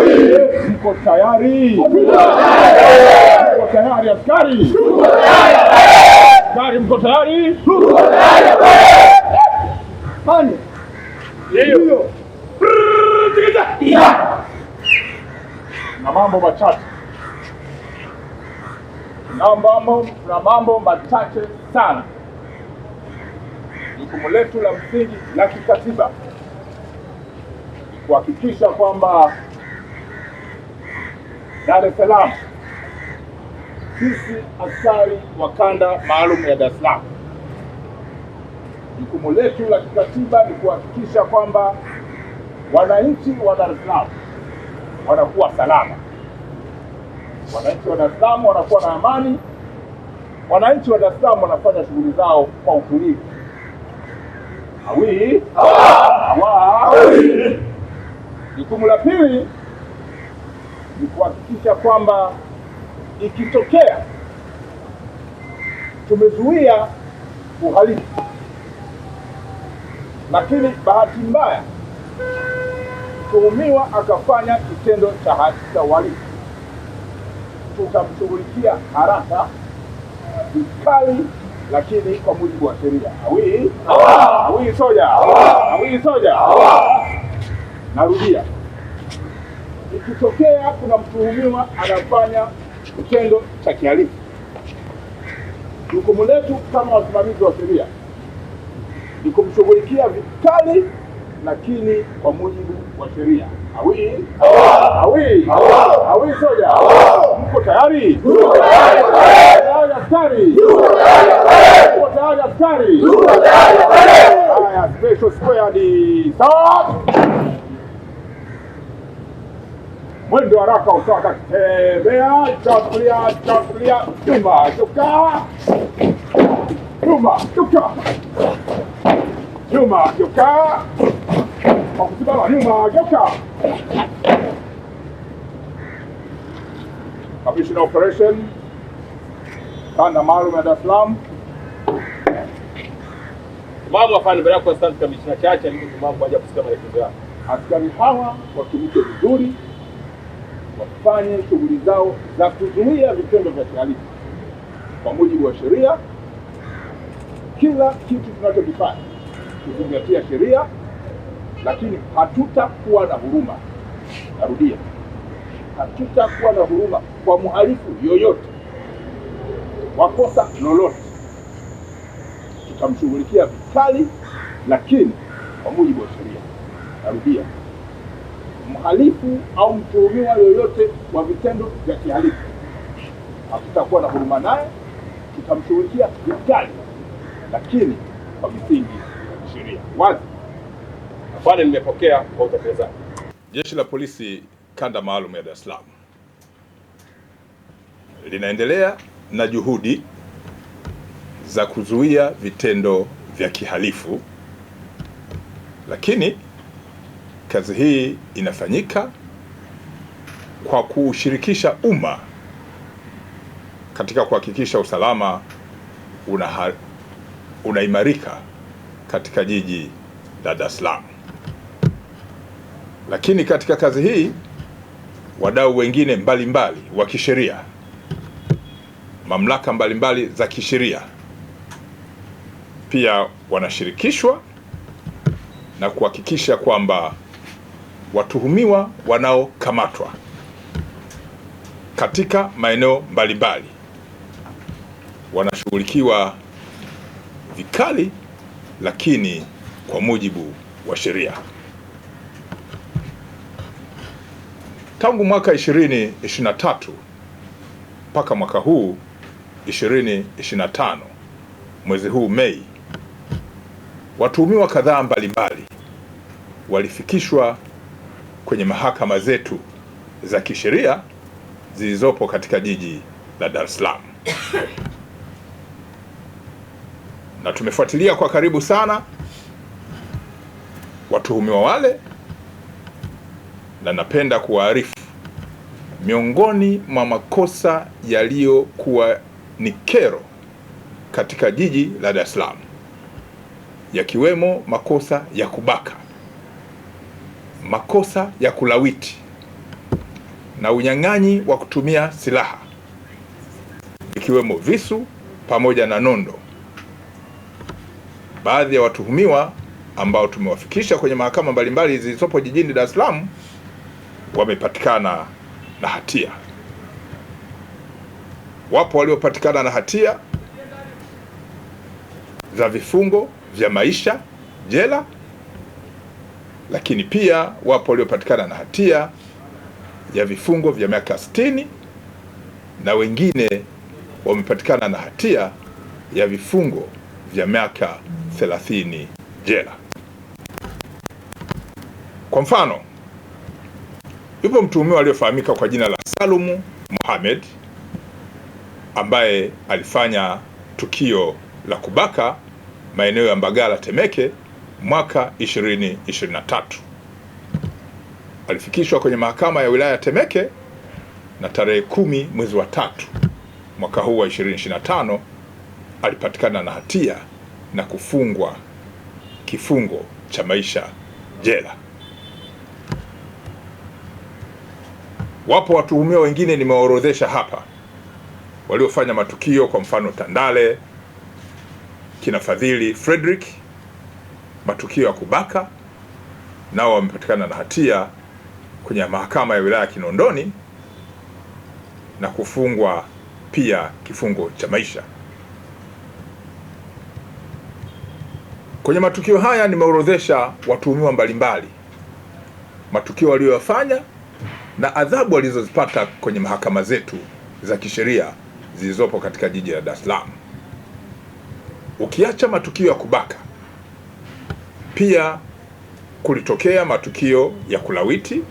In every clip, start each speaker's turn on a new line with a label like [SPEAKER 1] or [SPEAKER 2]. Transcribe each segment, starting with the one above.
[SPEAKER 1] Uko tayari? Uko tayari askari? Askari mko tayari? Na mambo machache na mambo machache sana. Jukumu letu la msingi la kikatiba kuhakikisha kwamba Dar es Salaam, sisi askari wa kanda maalum ya Dar es Salaam, jukumu letu la kikatiba ni kuhakikisha kwamba wananchi wa Dar es Salaam wanakuwa salama, wananchi wa Dar es Salaam wanakuwa na amani, wananchi wa Dar es Salaam wanafanya shughuli zao kwa utulivu. Awi, jukumu la pili kuhakikisha kwamba ikitokea tumezuia uhalifu, lakini bahati mbaya mtuhumiwa akafanya kitendo cha uhalifu, tutamshughulikia haraka vikali, lakini kwa mujibu wa sheria. Awii awii soja awii soja, narudia ikitokea kuna mtuhumiwa anafanya kitendo cha kihalifu, jukumu letu kama wasimamizi wa sheria ni kumshughulikia vikali lakini kwa mujibu wa sheria. Awi awi awi, soja, mko tayari? tayari askari, Haya, special squad mwendo haraka utaka tembea, chatulia chatulia, nyuma nyuka, nyuma nyuka, nyuma nyuka, wakusimama nyuma nyuka Kamishna Operation kanda maalum ya Dar es Salaam, mama afanye mbele yako. Asante Kamishna Chacha, alikusimama kwa ya kusikia maelekezo yako. Askari hawa watumike vizuri wafanye shughuli zao za kuzuia vitendo vya kihalifu kwa mujibu wa sheria. Kila kitu tunachokifanya kuzingatia sheria, lakini hatutakuwa na huruma. Narudia, hatutakuwa na huruma kwa mhalifu yoyote wakosa kosa lolote. Tutamshughulikia vikali, lakini kwa mujibu wa sheria. Narudia mhalifu au mtuhumiwa yoyote wa vitendo vya kihalifu, hatutakuwa na huruma naye, tutamshughulikia vikali, lakini kwa misingi ya kisheria wazi. Habari nimepokea kwa utekelezaji.
[SPEAKER 2] Jeshi la Polisi kanda maalum ya Dar es Salaam linaendelea na juhudi za kuzuia vitendo vya kihalifu lakini kazi hii inafanyika kwa kushirikisha umma katika kuhakikisha usalama unaha, unaimarika katika jiji la Dar es Salaam. Lakini katika kazi hii wadau wengine mbalimbali wa kisheria, mamlaka mbalimbali za kisheria pia wanashirikishwa na kuhakikisha kwamba watuhumiwa wanaokamatwa katika maeneo mbalimbali wanashughulikiwa vikali, lakini kwa mujibu wa sheria. Tangu mwaka 2023 mpaka mwaka huu 2025 mwezi huu Mei, watuhumiwa kadhaa mbalimbali walifikishwa kwenye mahakama zetu za kisheria zilizopo katika jiji la Dar es Salaam na tumefuatilia kwa karibu sana watuhumiwa wale, na napenda kuwaarifu miongoni mwa makosa yaliyokuwa ni kero katika jiji la Dar es Salaam yakiwemo makosa ya kubaka makosa ya kulawiti na unyang'anyi wa kutumia silaha ikiwemo visu pamoja na nondo. Baadhi ya watuhumiwa ambao tumewafikisha kwenye mahakama mbalimbali zilizopo jijini Dar es Salaam wamepatikana na hatia. Wapo waliopatikana na hatia za vifungo vya maisha jela lakini pia wapo waliopatikana na hatia ya vifungo vya miaka 60 na wengine wamepatikana na hatia ya vifungo vya miaka 30 jela. Kwa mfano, yupo mtuhumiwa aliyofahamika kwa jina la Salumu Mohamed ambaye alifanya tukio la kubaka maeneo ya Mbagala Temeke mwaka 2023. Alifikishwa kwenye mahakama ya wilaya ya Temeke na tarehe kumi mwezi wa tatu mwaka huu wa 2025 alipatikana na hatia na kufungwa kifungo cha maisha jela. Wapo watuhumiwa wengine nimewaorodhesha hapa waliofanya matukio, kwa mfano Tandale, kina Fadhili Frederick matukio ya kubaka, nao wamepatikana na hatia kwenye mahakama ya wilaya Kinondoni na kufungwa pia kifungo cha maisha. Kwenye matukio haya nimeorodhesha watuhumiwa mbalimbali, matukio waliyoyafanya na adhabu walizozipata kwenye mahakama zetu za kisheria zilizopo katika jiji la Dar es Salaam. Ukiacha matukio ya kubaka pia kulitokea matukio ya kulawiti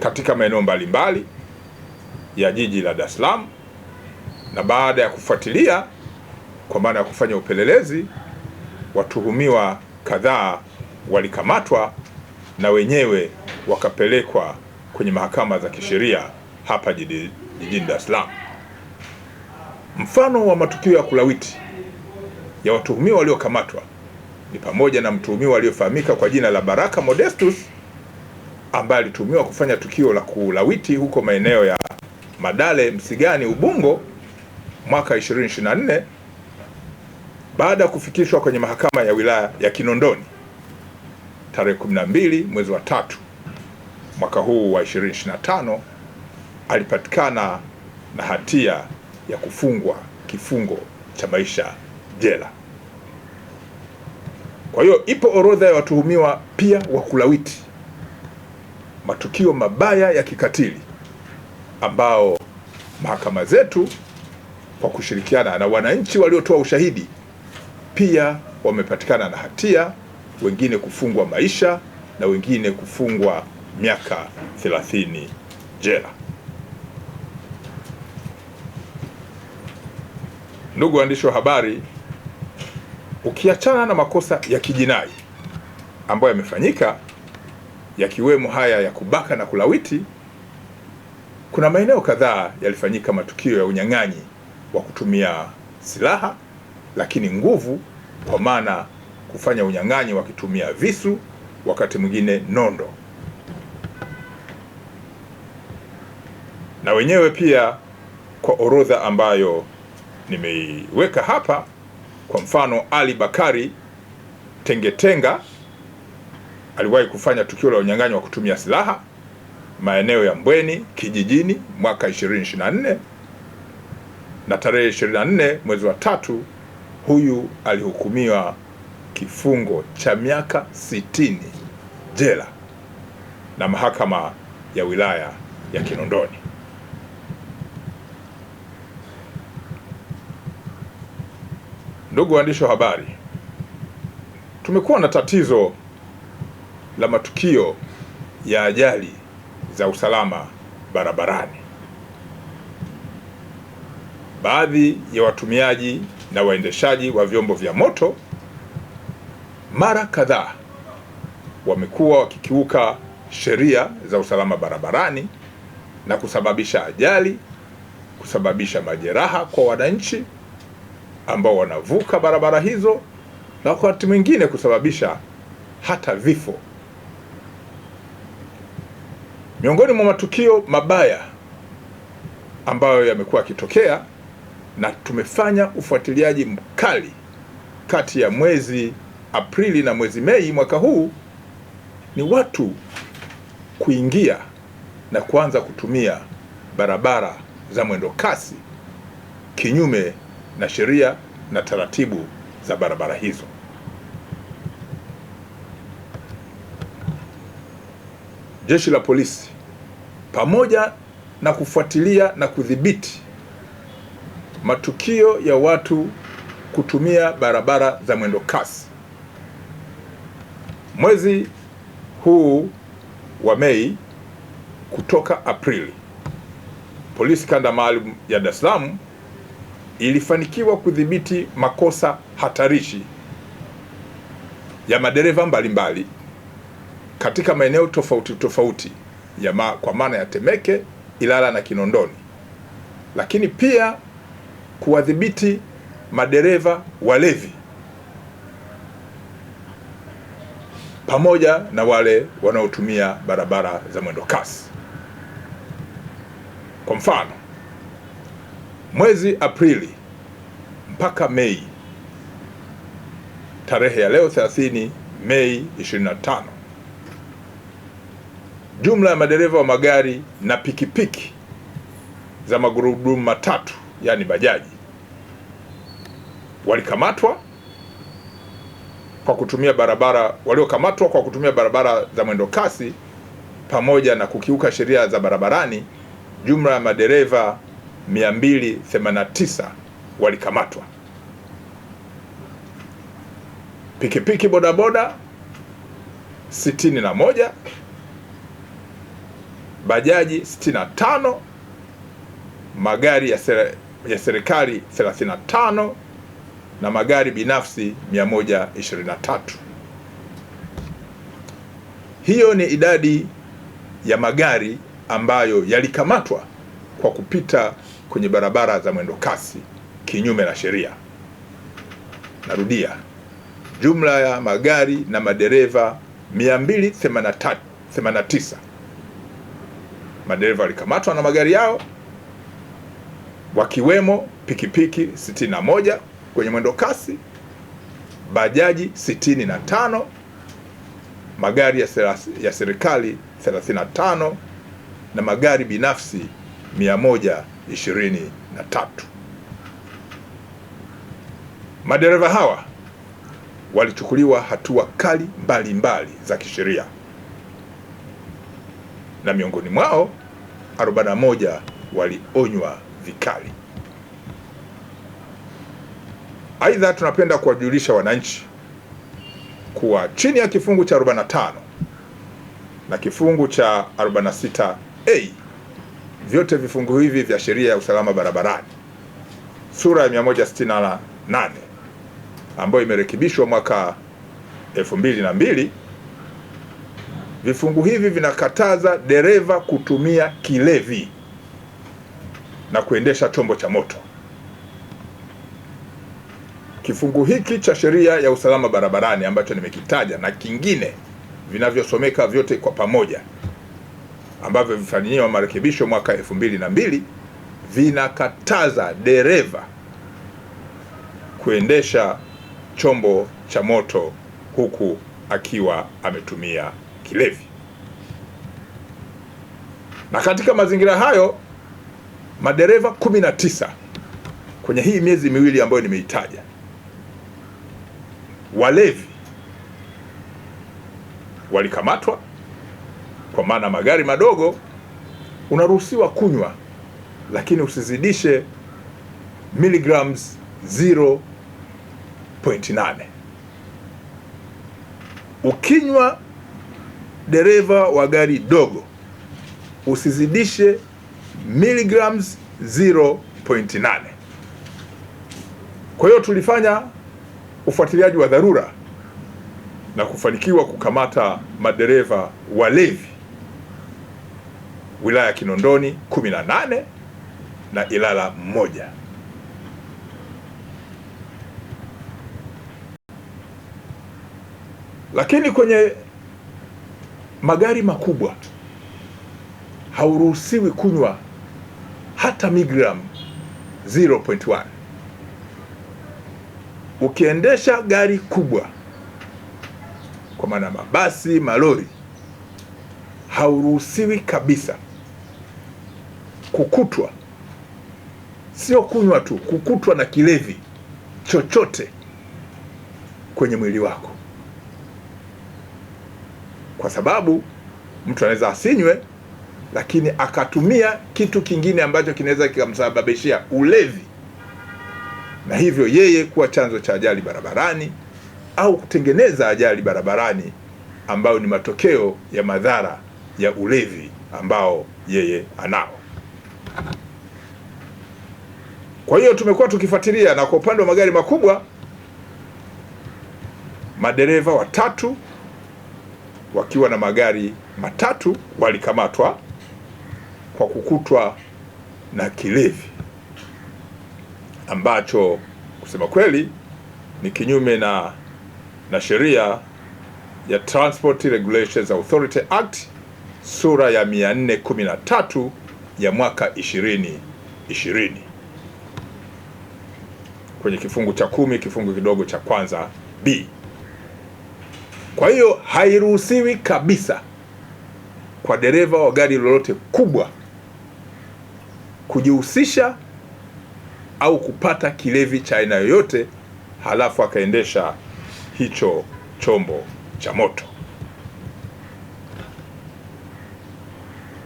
[SPEAKER 2] katika maeneo mbalimbali ya jiji la Dar es Salaam, na baada ya kufuatilia kwa maana ya kufanya upelelezi, watuhumiwa kadhaa walikamatwa na wenyewe wakapelekwa kwenye mahakama za kisheria hapa jijini Dar es Salaam. Mfano wa matukio ya kulawiti ya watuhumiwa waliokamatwa ni pamoja na mtuhumiwa aliyofahamika kwa jina la Baraka Modestus ambaye alituhumiwa kufanya tukio la kulawiti huko maeneo ya Madale, Msigani, Ubungo mwaka 2024 baada ya kufikishwa kwenye mahakama ya wilaya ya Kinondoni tarehe 12 mwezi wa tatu mwaka huu wa 2025 alipatikana na hatia ya kufungwa kifungo cha maisha jela. Kwa hiyo ipo orodha ya watuhumiwa pia wa kulawiti matukio mabaya ya kikatili ambao mahakama zetu kwa kushirikiana na wananchi waliotoa ushahidi pia wamepatikana na hatia, wengine kufungwa maisha na wengine kufungwa miaka 30 jela. Ndugu waandishi wa habari, ukiachana na makosa ya kijinai ambayo yamefanyika yakiwemo haya ya kubaka na kulawiti, kuna maeneo kadhaa yalifanyika matukio ya unyang'anyi wa kutumia silaha, lakini nguvu, kwa maana kufanya unyang'anyi wakitumia visu, wakati mwingine nondo. Na wenyewe pia kwa orodha ambayo nimeiweka hapa kwa mfano, Ali Bakari Tengetenga aliwahi kufanya tukio la unyang'anyi wa kutumia silaha maeneo ya Mbweni kijijini mwaka 2024 na tarehe 24 mwezi wa tatu, huyu alihukumiwa kifungo cha miaka 60 jela na mahakama ya wilaya ya Kinondoni. Ndugu waandishi wa habari, tumekuwa na tatizo la matukio ya ajali za usalama barabarani. Baadhi ya watumiaji na waendeshaji wa vyombo vya moto mara kadhaa wamekuwa wakikiuka sheria za usalama barabarani na kusababisha ajali, kusababisha majeraha kwa wananchi ambao wanavuka barabara hizo na wakati mwingine kusababisha hata vifo. Miongoni mwa matukio mabaya ambayo yamekuwa yakitokea, na tumefanya ufuatiliaji mkali kati ya mwezi Aprili na mwezi Mei mwaka huu, ni watu kuingia na kuanza kutumia barabara za mwendo kasi kinyume na sheria na taratibu za barabara hizo. Jeshi la polisi pamoja na kufuatilia na kudhibiti matukio ya watu kutumia barabara za mwendo kasi. Mwezi huu wa Mei kutoka Aprili, polisi kanda maalum ya Dar es Salaam ilifanikiwa kudhibiti makosa hatarishi ya madereva mbalimbali katika maeneo tofauti tofauti ya ma, kwa maana ya Temeke, Ilala na Kinondoni, lakini pia kuwadhibiti madereva walevi pamoja na wale wanaotumia barabara za mwendo kasi. Kwa mfano mwezi Aprili mpaka Mei, tarehe ya leo 30 Mei 25, jumla ya madereva wa magari na pikipiki za magurudumu matatu yaani bajaji walikamatwa kwa kutumia barabara waliokamatwa kwa kutumia barabara za mwendo kasi pamoja na kukiuka sheria za barabarani, jumla ya madereva 289 walikamatwa, pikipiki bodaboda 61, bajaji 65, magari ya serikali 35 na magari binafsi 123. Hiyo ni idadi ya magari ambayo yalikamatwa kwa kupita kwenye barabara za mwendo kasi kinyume na sheria. Narudia, jumla ya magari na madereva 289 madereva walikamatwa na magari yao, wakiwemo pikipiki 61 kwenye mwendo kasi, bajaji 65, magari ya serikali 35 na magari binafsi 123. Madereva hawa walichukuliwa hatua kali mbalimbali mbali za kisheria na miongoni mwao 41 walionywa vikali. Aidha, tunapenda kuwajulisha wananchi kuwa chini ya kifungu cha 45 na kifungu cha 46A vyote vifungu hivi vya sheria ya usalama barabarani sura ya 168 ambayo imerekebishwa mwaka 2002 vifungu hivi vinakataza dereva kutumia kilevi na kuendesha chombo cha moto. Kifungu hiki cha sheria ya usalama barabarani ambacho nimekitaja na kingine vinavyosomeka vyote kwa pamoja ambavyo vifanyiwa marekebisho mwaka elfu mbili na mbili vinakataza dereva kuendesha chombo cha moto huku akiwa ametumia kilevi. Na katika mazingira hayo madereva kumi na tisa kwenye hii miezi miwili ambayo nimeitaja, walevi walikamatwa kwa maana magari madogo unaruhusiwa kunywa, lakini usizidishe milligrams 0.8. Ukinywa, dereva wa gari dogo, usizidishe milligrams 0.8. Kwa hiyo tulifanya ufuatiliaji wa dharura na kufanikiwa kukamata madereva walevi wilaya ya Kinondoni 18 na Ilala mmoja. Lakini kwenye magari makubwa hauruhusiwi kunywa hata miligramu 0.1. Ukiendesha gari kubwa kwa maana mabasi, malori, hauruhusiwi kabisa kukutwa, sio kunywa tu, kukutwa na kilevi chochote kwenye mwili wako, kwa sababu mtu anaweza asinywe, lakini akatumia kitu kingine ambacho kinaweza kikamsababishia ulevi, na hivyo yeye kuwa chanzo cha ajali barabarani au kutengeneza ajali barabarani ambayo ni matokeo ya madhara ya ulevi ambao yeye anao. Kwa hiyo tumekuwa tukifuatilia, na kwa upande wa magari makubwa, madereva watatu wakiwa na magari matatu walikamatwa kwa kukutwa na kilevi ambacho kusema kweli ni kinyume na na sheria ya Transport Regulations Authority Act sura ya 413 ya mwaka 2020 kwenye kifungu cha kumi kifungu kidogo cha kwanza B. Kwa hiyo hairuhusiwi kabisa kwa dereva wa gari lolote kubwa kujihusisha au kupata kilevi cha aina yoyote halafu akaendesha hicho chombo cha moto.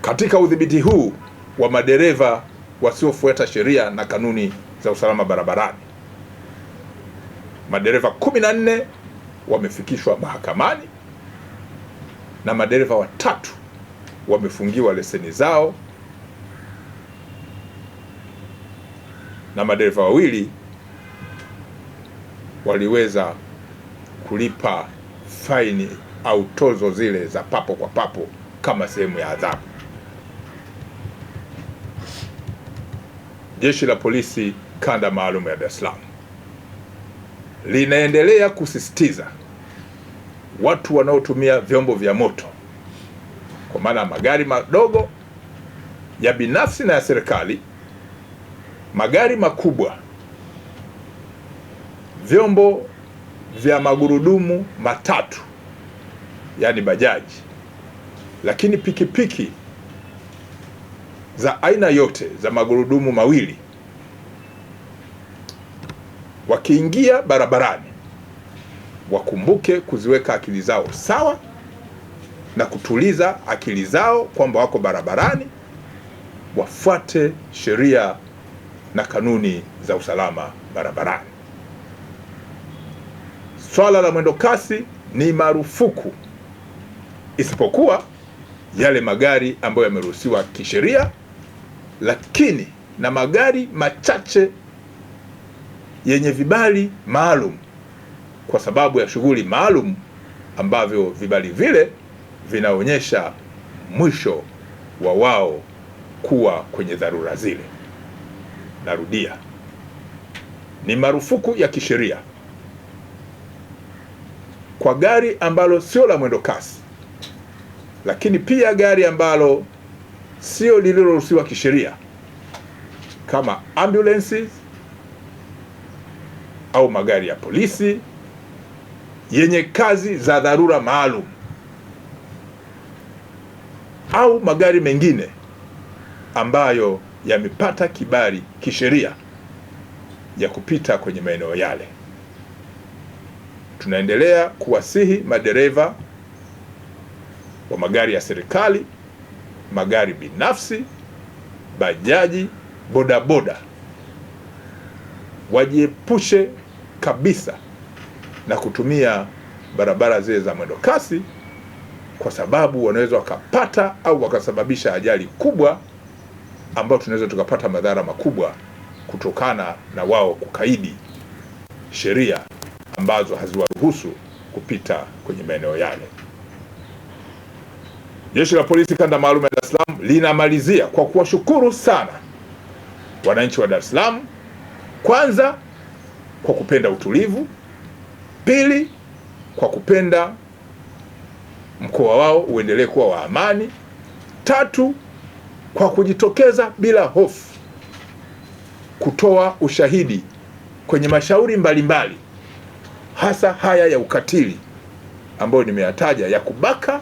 [SPEAKER 2] Katika udhibiti huu wa madereva wasiofuata sheria na kanuni za usalama barabarani. Madereva 14 wamefikishwa mahakamani na madereva watatu wamefungiwa leseni zao na madereva wawili waliweza kulipa faini au tozo zile za papo kwa papo kama sehemu ya adhabu. Jeshi la Polisi kanda maalum ya Dar es Salaam linaendelea kusisitiza watu wanaotumia vyombo vya moto kwa maana magari madogo ya binafsi na ya serikali, magari makubwa, vyombo vya magurudumu matatu, yaani bajaji, lakini pikipiki piki, za aina yote za magurudumu mawili wakiingia barabarani wakumbuke kuziweka akili zao sawa na kutuliza akili zao kwamba wako barabarani, wafuate sheria na kanuni za usalama barabarani. Swala la mwendo kasi ni marufuku, isipokuwa yale magari ambayo yameruhusiwa kisheria lakini na magari machache yenye vibali maalum kwa sababu ya shughuli maalum ambavyo vibali vile vinaonyesha mwisho wa wao kuwa kwenye dharura zile. Narudia, ni marufuku ya kisheria kwa gari ambalo sio la mwendo kasi, lakini pia gari ambalo sio lililoruhusiwa kisheria kama ambulances au magari ya polisi yenye kazi za dharura maalum au magari mengine ambayo yamepata kibali kisheria ya kupita kwenye maeneo yale. Tunaendelea kuwasihi madereva wa magari ya serikali magari binafsi, bajaji, bodaboda wajiepushe kabisa na kutumia barabara zile za mwendo kasi, kwa sababu wanaweza wakapata au wakasababisha ajali kubwa ambayo tunaweza tukapata madhara makubwa kutokana na wao kukaidi sheria ambazo haziwaruhusu kupita kwenye maeneo yale. Jeshi la Polisi kanda maalum ya Dar es Salaam linamalizia kwa kuwashukuru sana wananchi wa Dar es Salaam, kwanza kwa kupenda utulivu, pili kwa kupenda mkoa wao uendelee kuwa wa amani, tatu kwa kujitokeza bila hofu kutoa ushahidi kwenye mashauri mbalimbali mbali, hasa haya ya ukatili ambayo nimeyataja ya kubaka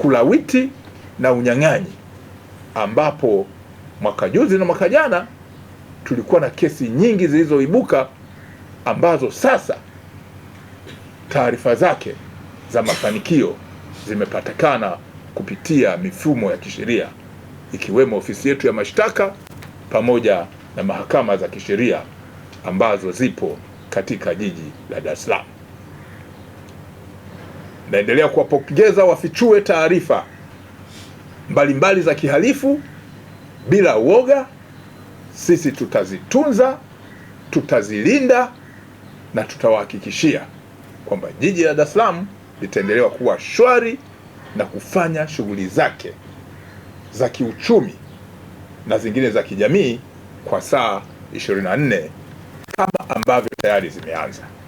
[SPEAKER 2] kulawiti na unyang'anyi, ambapo mwaka juzi na mwaka jana tulikuwa na kesi nyingi zilizoibuka ambazo sasa taarifa zake za mafanikio zimepatikana kupitia mifumo ya kisheria ikiwemo ofisi yetu ya mashtaka pamoja na mahakama za kisheria ambazo zipo katika jiji la Dar es Salaam naendelea kuwapongeza wafichue taarifa mbalimbali za kihalifu bila uoga. Sisi tutazitunza, tutazilinda na tutawahakikishia kwamba jiji la Dar es Salaam litaendelewa kuwa shwari na kufanya shughuli zake za kiuchumi na zingine za kijamii kwa saa 24 kama ambavyo tayari zimeanza.